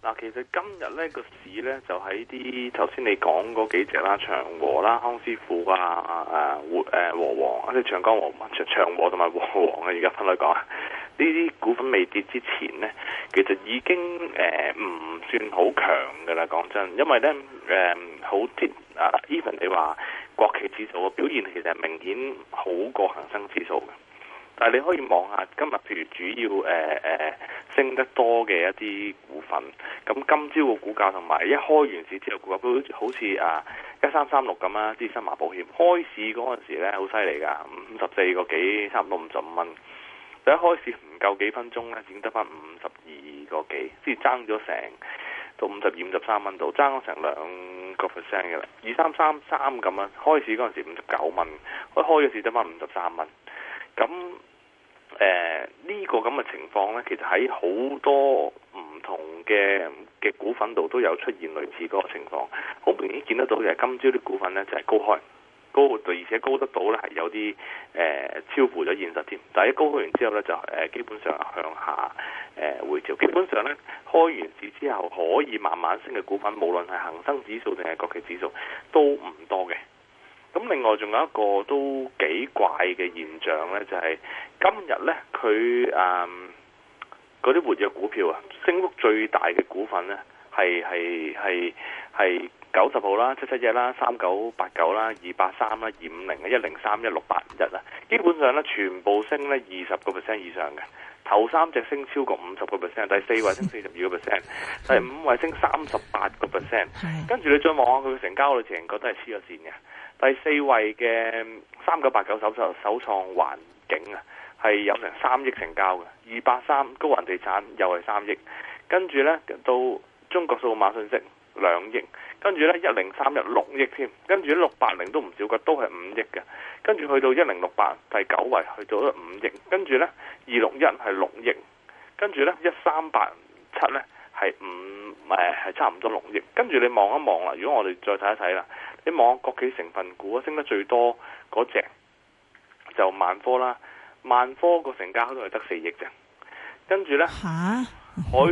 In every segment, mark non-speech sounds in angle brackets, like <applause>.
嗱，其實今日咧個市咧就喺啲頭先你講嗰幾隻啦，長和啦、康師傅啊、啊和誒和黃啊，即係長江和長和同埋和黃啊，而家分開講，呢啲股份未跌之前咧，其實已經誒唔算好強嘅啦。講真，因為咧誒好啲啊，even 你話國企指數嘅表現其實明顯好過恒生指數嘅。但係你可以望下今日，譬如主要誒誒、呃呃、升得多嘅一啲股份，咁今朝嘅股價同埋一開完市之後股價，好似啊一三三六咁啊，啲新華保險開市嗰陣時咧好犀利㗎，五十四個幾差唔多五十五蚊，一開市唔夠幾分鐘咧，已經得翻五十二個幾，即係爭咗成到五十二五十三蚊度，爭咗成兩個 percent 嘅啦，二三三三咁樣，開市嗰陣時五十九蚊，一開嘅市得翻五十三蚊，咁。誒、呃，呢、這個咁嘅情況呢，其實喺好多唔同嘅嘅股份度都有出現類似嗰個情況。好明顯見得到嘅，今朝啲股份呢，就係、是、高開，高對高到，而且高得到呢係有啲、呃、超乎咗現實添。但係高開完之後呢，就基本上向下誒回調。基本上呢，開完市之後，可以慢慢升嘅股份，無論係恒生指數定係國企指數，都唔多嘅。咁另外仲有一個都幾怪嘅現象呢，就係今日呢，佢誒嗰啲活躍股票啊，升幅最大嘅股份呢，係係係係九十號啦、七七一啦、三九八九啦、二八三啦、二五零啊、一零三一六八五一啦，基本上呢，全部升呢二十個 percent 以上嘅，頭三隻升超過五十個 percent，第四位升四十二個 percent，第五位升三十八個 percent，跟住你再望下佢嘅成交率，我覺得係黐咗線嘅。第四位嘅三九八九首創首創環境啊，係有成三億成交嘅，二八三高雲地產又係三億跟，跟住呢到中國數碼信息兩億跟，1, 0, 3, 1, 6億跟住呢一零三一六億添，跟住六八零都唔少嘅，都係五億嘅，跟住去到一零六八第九位去到咗五億跟，係六億跟住呢二六一係六億，跟住呢一三八七呢係五誒係差唔多六億，跟住你望一望啦，如果我哋再睇一睇啦。你望下國企成分股升得最多嗰隻就萬科啦，萬科個成交都係得四億啫。跟住呢海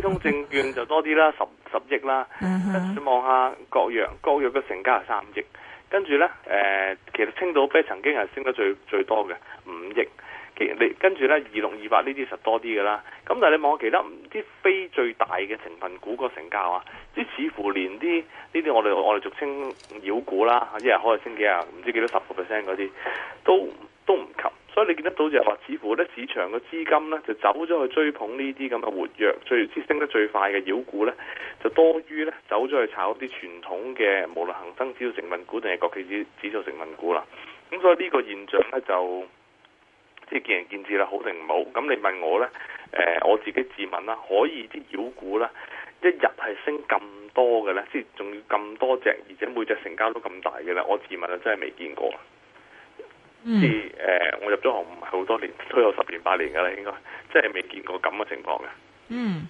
通證券就多啲啦，十 <laughs> 十億啦。跟住望下國藥，國藥嘅成交係三億。跟住呢誒、呃，其實青島啤曾經係升得最最多嘅五億。你跟住呢，二六二八呢啲實多啲嘅啦。咁但係你望其他啲非最大嘅成分股個成交啊，即似乎連啲呢啲我哋我哋俗稱妖股啦，一日可以升幾啊唔知幾多十個 percent 嗰啲，都都唔及。所以你見得到就係話，似乎呢市場嘅資金呢，就走咗去追捧呢啲咁嘅活躍最升得最快嘅妖股呢，就多於呢走咗去炒啲傳統嘅無論恒生指數成分股定係國企指指數成分股啦。咁所以呢個現象呢，就。即係見仁見智啦，好定唔好？咁你問我呢、呃，我自己自問啦，可以啲妖股啦，一日係升咁多嘅呢，即係仲要咁多隻，而且每隻成交都咁大嘅呢。我自問啊真係未見過。嗯。即係、呃、我入咗行唔係好多年，都有十年八年㗎啦，應該真係未見過咁嘅情況嘅。嗯。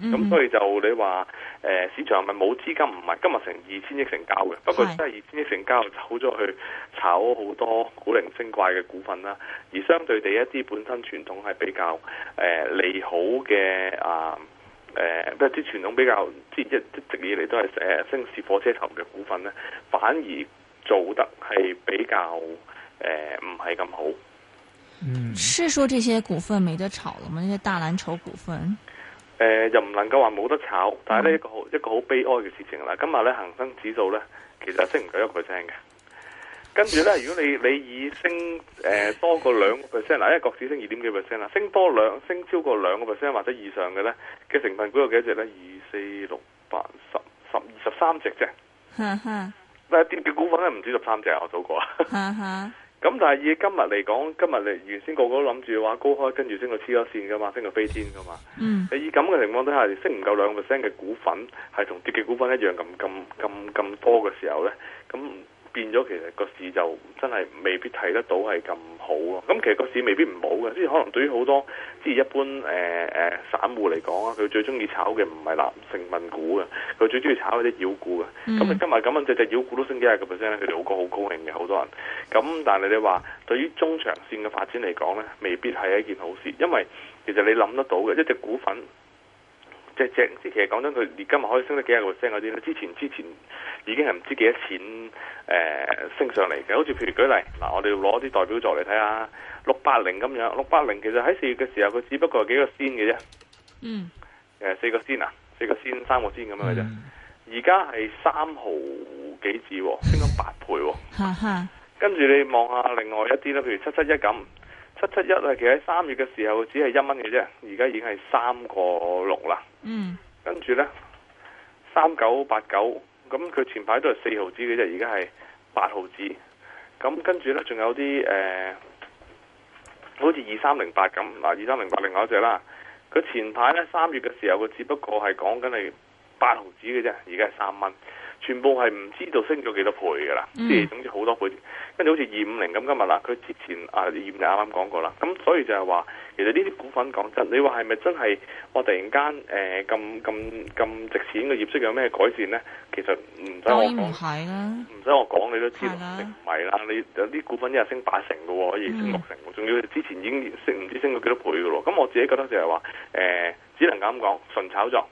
咁、嗯、所以就你話誒、呃、市場係咪冇資金？唔係，今日成二千億成交嘅。不過真係二千億成交，走咗去炒好多古靈精怪嘅股份啦。而相對地，一啲本身傳統係比較誒、呃、利好嘅啊，誒，即係啲傳統比較即係一直以嚟都係誒、呃、升市火車頭嘅股份咧，反而做得係比較誒唔係咁好。嗯，是說這些股份沒得炒了嗎？這些大藍籌股份？誒、呃，又唔能夠話冇得炒，但係呢、嗯、一個好一個好悲哀嘅事情啦。今日咧恒生指數咧其實升唔到一個 percent 嘅，跟住咧如果你你以升誒、呃、多過兩個 percent，嗱，因為國指升二點幾 percent 啦，升多兩升超過兩個 percent 或者以上嘅咧嘅成分股有幾多隻咧？二四六八十十二十三隻啫。但係跌嘅股份咧唔止十三隻啊，我數過啊。嗯嗯 <laughs> 咁但係以今日嚟講，今日嚟原先個個都諗住話高開跟住升到黐咗線㗎嘛，升到飛天㗎嘛。嗯。你以咁嘅情況底下，升唔夠兩個 percent 嘅股份係同跌嘅股份一樣咁咁咁咁多嘅時候咧，咁、嗯。變咗其實個市就真係未必睇得到係咁好咯，咁其實個市未必唔好嘅，即係可能對於好多即係一般誒、呃、散戶嚟講啊，佢最中意炒嘅唔係藍成分股嘅，佢最中意炒一啲妖股嘅。咁你今日咁樣隻隻妖股都升幾廿個 percent 咧，佢哋好高好高興嘅，好多人。咁但係你話對於中長線嘅發展嚟講咧，未必係一件好事，因為其實你諗得到嘅一隻股份。正即係講真佢，你今日可以升得幾啊個 percent 嗰啲咧？之前之前已經係唔知幾多錢誒、呃、升上嚟嘅。好似譬如舉例，嗱，我哋攞啲代表作嚟睇下，六八零咁樣，六八零其實喺四月嘅時候，佢只不過係幾個仙嘅啫。嗯。誒、呃，四個仙啊，四個仙，三個仙咁樣嘅啫。而家係三毫幾字、哦，升咗八倍、哦。哈哈。跟住你望下另外一啲咧，譬如七七一咁，七七一係其實喺三月嘅時候只係一蚊嘅啫，而家已經係三個六啦。嗯，跟住呢，三九八九，咁佢前排都係四毫子嘅啫，而家係八毫子。咁跟住呢，仲有啲誒、呃，好似二三零八咁，嗱二三零八另外一隻啦。佢前排呢，三月嘅時候，佢只不過係講緊係八毫子嘅啫，而家係三蚊。全部係唔知道升咗幾多倍噶啦，即、嗯、係總之好多倍。跟住好似二五零咁今日啦，佢之前啊二五零啱啱講過啦。咁所以就係話，其實呢啲股份講真，你話係咪真係我突然間誒咁咁咁值錢嘅業績有咩改善咧？其實唔使我講，都係唔使我講你都知道，唔係、啊、啦。你有啲股份一日升八成㗎喎，可以升六成，仲、嗯、要之前已經升唔知升咗幾多倍㗎咯。咁我自己覺得就係話、呃、只能咁講，純炒作。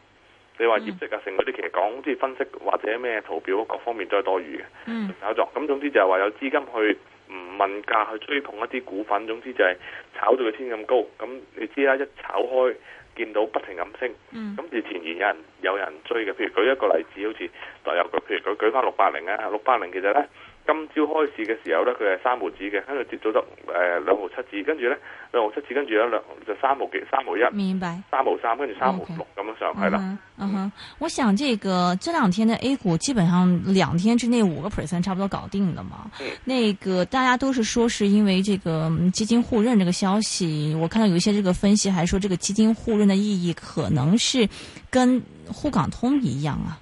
你話業績啊、成嗰啲其實講即係分析或者咩圖表各方面都係多餘嘅炒作。咁、嗯、總之就係話有資金去唔問價去追捧一啲股份。總之就係炒到佢先咁高。咁你知啦，一炒開見到不停咁升。咁自然有人有人追嘅。譬如舉一個例子，好似例如舉個譬如佢舉翻六八零啊，六八零其實咧。今朝開始嘅時候咧，佢係三毫紙嘅，跟住跌咗得誒兩毫七紙，跟住咧兩毫七紙，跟住有兩就三毫幾三毫一，明白，三毫三跟住三毫六咁樣上係啦。嗯哼、嗯嗯，我想這個這兩天呢 A 股基本上兩天之內五個 percent 差不多搞定了嘛。嗯，那個大家都是說，係因為這個基金互認呢個消息，我看到有一些呢個分析，還說呢個基金互認嘅意義可能是跟滬港通一樣啊。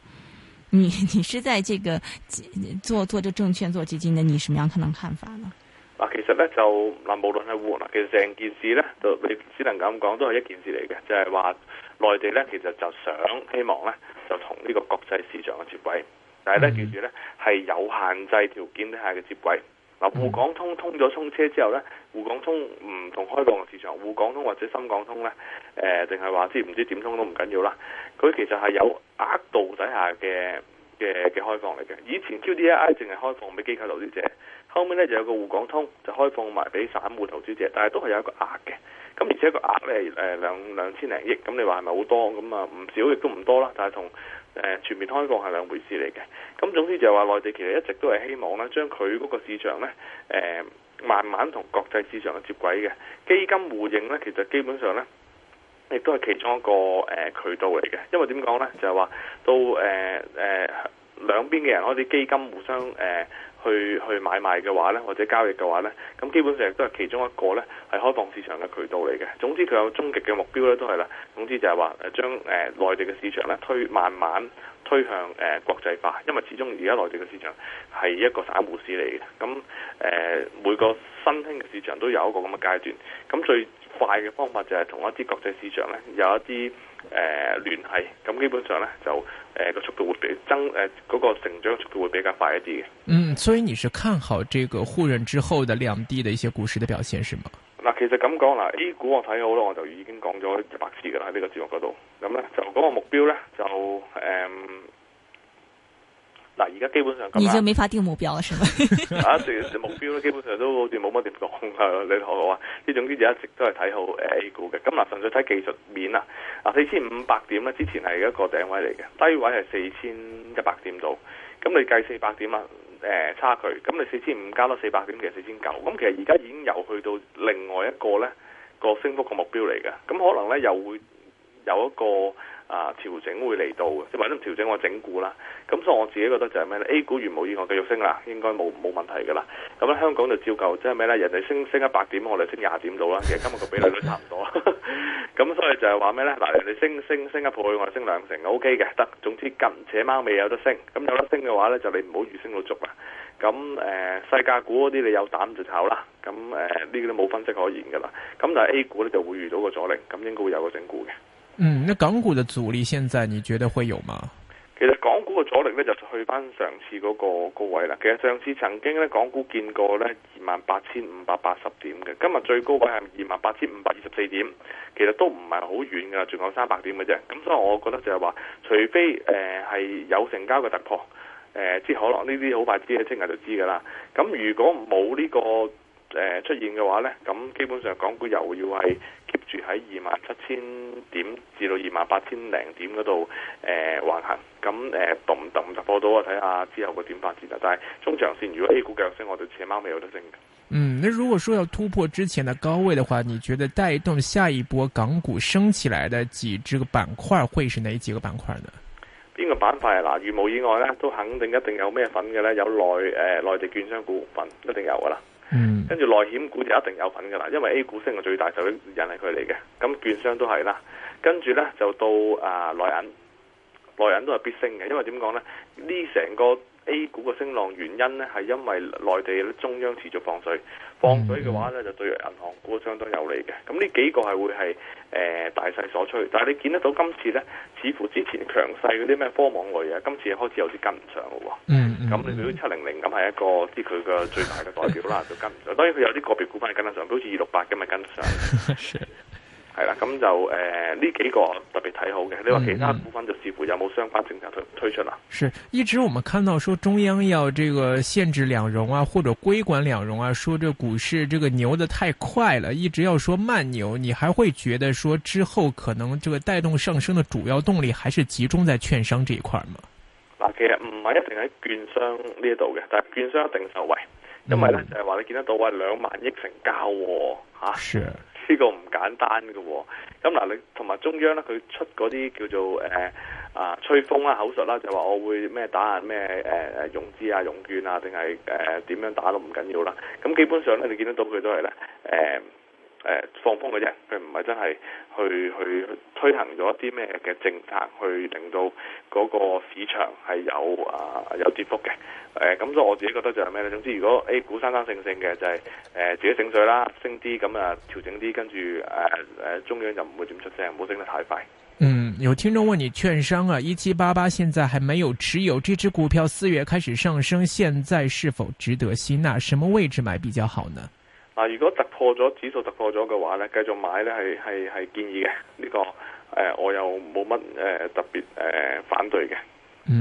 你你是在這個做做這證券做基金的，你什麼樣可能看法呢？嗱，其實呢，就嗱，無論係換啦，其實成件事呢，就你只能咁講，都係一件事嚟嘅，就係話內地呢，其實就想希望呢，就同呢個國際市場嘅接軌，但係呢，記、mm. 住呢，係有限制條件下嘅接軌。嗱、嗯，滬港通通咗通車之後呢，滬港通唔同開放嘅市場，滬港通或者深港通呢，誒、呃，定係話知唔知點通都唔緊要啦。佢其實係有額度底下嘅嘅嘅開放嚟嘅。以前 QDII 淨係開放俾機構投資者，後面呢就有個滬港通就開放埋俾散戶投資者，但係都係有一個額嘅。咁而且個額呢，誒兩兩千零億，咁你話係咪好多咁啊？唔少亦都唔多啦，但係同。誒全面開放係兩回事嚟嘅，咁總之就係話內地其實一直都係希望將佢嗰個市場呢慢慢同國際市場接軌嘅基金互認呢，其實基本上呢亦都係其中一個、呃、渠道嚟嘅，因為點講呢？就係、是、話到誒誒、呃呃、兩邊嘅人開始基金互相誒。呃去去買賣嘅話咧，或者交易嘅話咧，咁基本上亦都係其中一個咧，係開放市場嘅渠道嚟嘅。總之佢有終極嘅目標咧，都係啦。總之就係話，誒將誒內地嘅市場咧，推慢慢推向誒、呃、國際化，因為始終而家內地嘅市場係一個散戶市嚟嘅。咁誒、呃、每個新興嘅市場都有一個咁嘅階段。咁最快嘅方法就係同一啲國際市場咧有一啲誒、呃、聯繫，咁基本上咧就誒、呃，那個速度會比增誒嗰、呃，那個成長速度會比較快一啲嘅。嗯，所以你是看好這個互認之後的兩地的一些股市的表現是嗎？嗱、呃，其實咁講啦，A 股我睇好啦，我就已經講咗一百次噶啦喺呢個節目嗰度，咁咧就嗰個目標咧就誒。呃嗱，而家基本上咁啊，你就沒法定目標啦，係咪？ <laughs> 目標咧，基本上都好似冇乜點講你同我講，呢種啲嘢一直都係睇好 A 股嘅。咁、呃、嗱，純粹睇技術面啦。嗱、呃，四千五百點咧，之前係一個頂位嚟嘅，低位係四千一百點度。咁你計四百點啊？誒、呃、差距，咁你四千五加多四百點，其實四千九。咁其實而家已經由去到另外一個咧個升幅嘅目標嚟嘅。咁可能咧又會。有一個啊調整會嚟到嘅，即係或者唔調整我整固啦。咁所以我自己覺得就係咩呢？A 股如無意外繼續升啦，應該冇冇問題嘅啦。咁咧香港就照舊，即係咩呢？人哋升升一百點，我哋升廿點到啦。其實今日個比例都差唔多。咁 <laughs> <laughs> 所以就係話咩呢？嗱，人哋升升升一倍，我哋升兩成，O K 嘅，得、OK。總之近且貓尾有得升，咁有得升嘅話呢，就你唔好預升到足啦。咁誒、呃，世界股嗰啲你有膽就炒啦。咁誒，呢啲都冇分析可言㗎啦。咁但係 A 股呢，就會遇到個阻力，咁應該會有個整固嘅。嗯，那港股嘅阻力現在你覺得會有嗎？其實港股嘅阻力咧就去翻上次嗰、那個高、那個、位啦。其實上次曾經咧港股見過咧二萬八千五百八十點嘅，今日最高位係二萬八千五百二十四點，其實都唔係好遠噶，仲有三百點嘅啫。咁所以我覺得就係話，除非誒係、呃、有成交嘅突破，誒、呃，即可能呢啲好快知，聽下就知噶啦。咁如果冇呢、呢個。誒、呃，出現嘅話咧，咁基本上港股又要係 keep 住喺二萬七千點至到二萬八千零點嗰度誒橫行，咁誒，突唔突突破到啊？睇下之後個點發展啊！但係中長線如果 A 股繼續升，我哋扯貓尾有得升嘅。嗯，你如果說要突破之前嘅高位嘅話，你覺得帶動下一波港股升起來嘅幾隻個板塊會係哪幾個板塊呢？邊個板塊啊？嗱，如無以外咧，都肯定一定有咩份嘅咧，有內誒內地券商股份一定有噶啦。嗯，跟住內險股就一定有份噶啦，因為 A 股升係最大就是的，就人引嚟佢哋嘅，咁券商都係啦，跟住呢就到啊內銀，內銀都係必升嘅，因為點講呢？呢成個。A 股嘅升浪原因呢，係因為內地中央持續放水，放水嘅話呢，就對銀行股相當有利嘅。咁呢幾個係會係誒、呃、大勢所趨，但係你見得到今次呢，似乎之前強勢嗰啲咩科網類啊，今次開始有啲跟唔上嘅。咁、mm-hmm. 你睇到七零零咁係一個，即佢嘅最大嘅代表啦，就跟唔上。當然佢有啲個別股份跟得上，好似二六八咁咪跟得上。 <laughs> 係啦，咁就誒呢幾個特別睇好嘅。你話其他股份就似乎有冇相關政策推推出啦？是一直我們看到說中央要這個限制兩融啊，或者規管兩融啊，說這個股市這個牛得太快了，一直要說慢牛。你還會覺得說之後可能這個帶動上升的主要動力還是集中在券商這一塊嗎？嗱，其實唔係一定喺券商呢度嘅，但係券商一定受惠，因為咧就係話你見得到話兩萬億成交喎，吓。是。呢、這個唔簡單嘅喎，哦，咁嗱你同埋中央咧，佢出嗰啲叫做誒、呃、啊吹風啦，口述啦，就話我會咩打啊咩誒誒融資啊、融券啊，定係誒點樣打都唔緊要啦。咁基本上咧，你見得到佢都係咧誒。呃誒、呃，放風嘅啫，佢唔係真係去去推行咗啲咩嘅政策，去令到嗰個市場係有啊、呃、有跌幅嘅。誒、呃，咁所以我自己覺得就係咩咧？總之，如果 A 股生生性性嘅，就係、是、誒、呃、自己醒水啦，升啲咁啊調整啲，跟住誒誒中央就唔會點出聲，唔好升得太快。嗯，有聽眾問你，券商啊，一七八八現在還沒有持有這支股票，四月開始上升，現在是否值得吸納？什麼位置買比較好呢？啊！如果突破咗指數突破咗嘅話咧，繼續買咧係係係建議嘅。呢、這個誒、呃、我又冇乜誒特別誒、呃、反對嘅，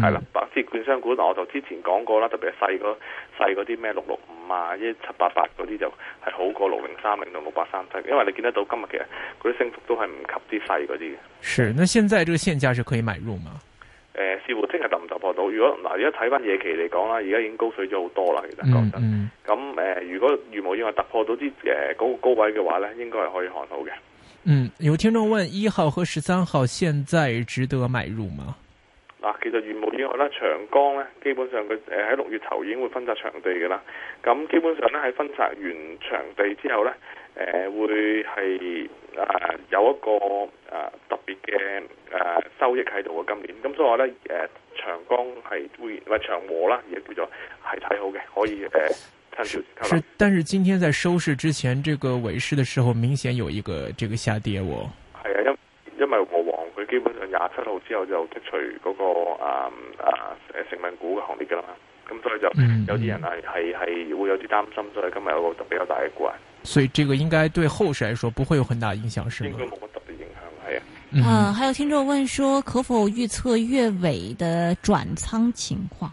係、嗯、啦。白之券商股我就之前講過啦，特別係細嗰細嗰啲咩六六五啊、一七八八嗰啲就係好過六零三零同六八三七，因為你見得到今日其實嗰啲升幅都係唔及啲細嗰啲嘅。是，那現在這個現價是可以買入嗎？誒、呃，似乎聽日突唔突破到？如果嗱，而家睇翻夜期嚟講啦，而家已經高水咗好多啦，其實講真。咁、嗯、誒、嗯呃，如果如無意外突破到啲誒個高位嘅話咧，應該係可以看好嘅。嗯，有聽眾問：一號和十三號現在值得買入嗎？嗱、啊，其實如無意外咧、長江咧，基本上佢誒喺六月頭已經會分拆場地噶啦。咁基本上咧喺分拆完場地之後咧。誒、呃、會係啊、呃、有一個啊、呃、特別嘅誒、呃、收益喺度嘅今年，咁、嗯、所以話咧誒長江係會或、呃、長和啦，亦叫做係睇好嘅，可以趁、呃、是，但是今天在收市之前，這個尾市嘅時候，明顯有一個這個下跌喎。係啊，因為因為我黃佢基本上廿七號之後就剔除嗰、那個啊啊、呃呃、成分股嘅行列㗎啦，咁、嗯、所以就有啲人係係係會有啲擔心，所以今日有個比較大嘅顧慮。所以這個應該對後市來說不會有很大影響，是是影響，是嗎？應該冇乜特別影響，係啊。嗯。啊、還有聽眾問說，可否預測月尾嘅轉倉情況？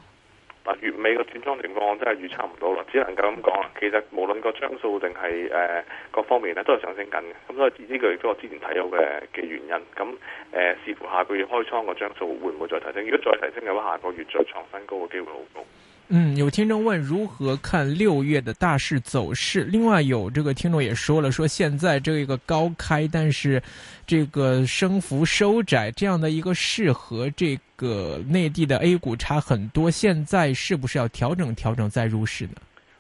嗱、嗯啊，月尾嘅轉倉情況我真係預測唔到啦，只能夠咁講啦。其實無論個張數定係誒各方面咧，都係上升緊嘅。咁、嗯、所以呢個亦都係我之前睇到嘅嘅原因。咁誒、呃，視乎下個月開倉個張數會唔會再提升？如果再提升嘅話，下個月再創新高嘅機會好高。嗯，有聽眾問如何看六月的大市走勢？另外有這個聽眾也說了，說現在這個高開，但是這個升幅收窄，這樣的一個市和這個內地的 A 股差很多，現在是不是要調整調整再入市呢？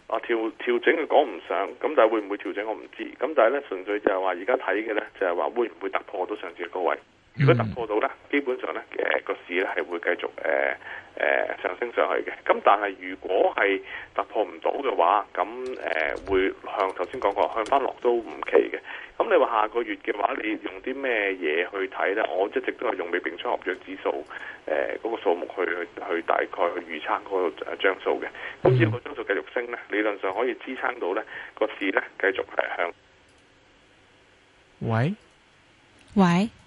啊調調整嘅講唔上，咁但係會唔會調整我唔知，咁但係咧純粹就係話而家睇嘅咧就係話會唔會突破，我都想知各位。如果突破到呢，基本上呢個個市呢係會繼續、呃呃、上升上去嘅。咁但係如果係突破唔到嘅話，咁誒、呃、會向頭先講過向翻落都唔奇嘅。咁你話下個月嘅話，你用啲咩嘢去睇呢？我一直都係用未平倉合約指數誒嗰、呃那個數目去去去大概去預測嗰個張數嘅。咁、嗯、只要個張數繼續升呢，理論上可以支撐到呢個市呢，繼續向、呃。喂喂。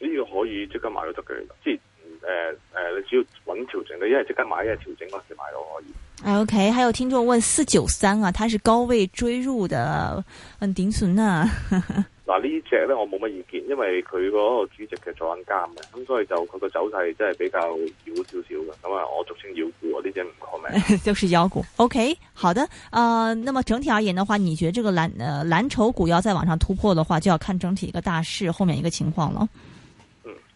這個呃呃、只要可以即刻買都得嘅，即係，誒誒，你只要揾調整，你因為即刻買，一係調整嗰時買都可以。啊、o、okay, K，還有聽眾問四九三啊，它是高位追入的，問頂損啊。嗱、啊、呢隻咧我冇乜意見，因為佢嗰個主席嘅坐緊監嘅，咁所以就佢個走勢真係比較妖少少嘅，咁啊我俗稱妖股，呢隻唔講名。就是妖股。O、okay, K，好的，啊、呃、那麼整體而言的話，你覺得這個藍，呃藍籌股要再往上突破的話，就要看整體一個大勢後面一個情況咯。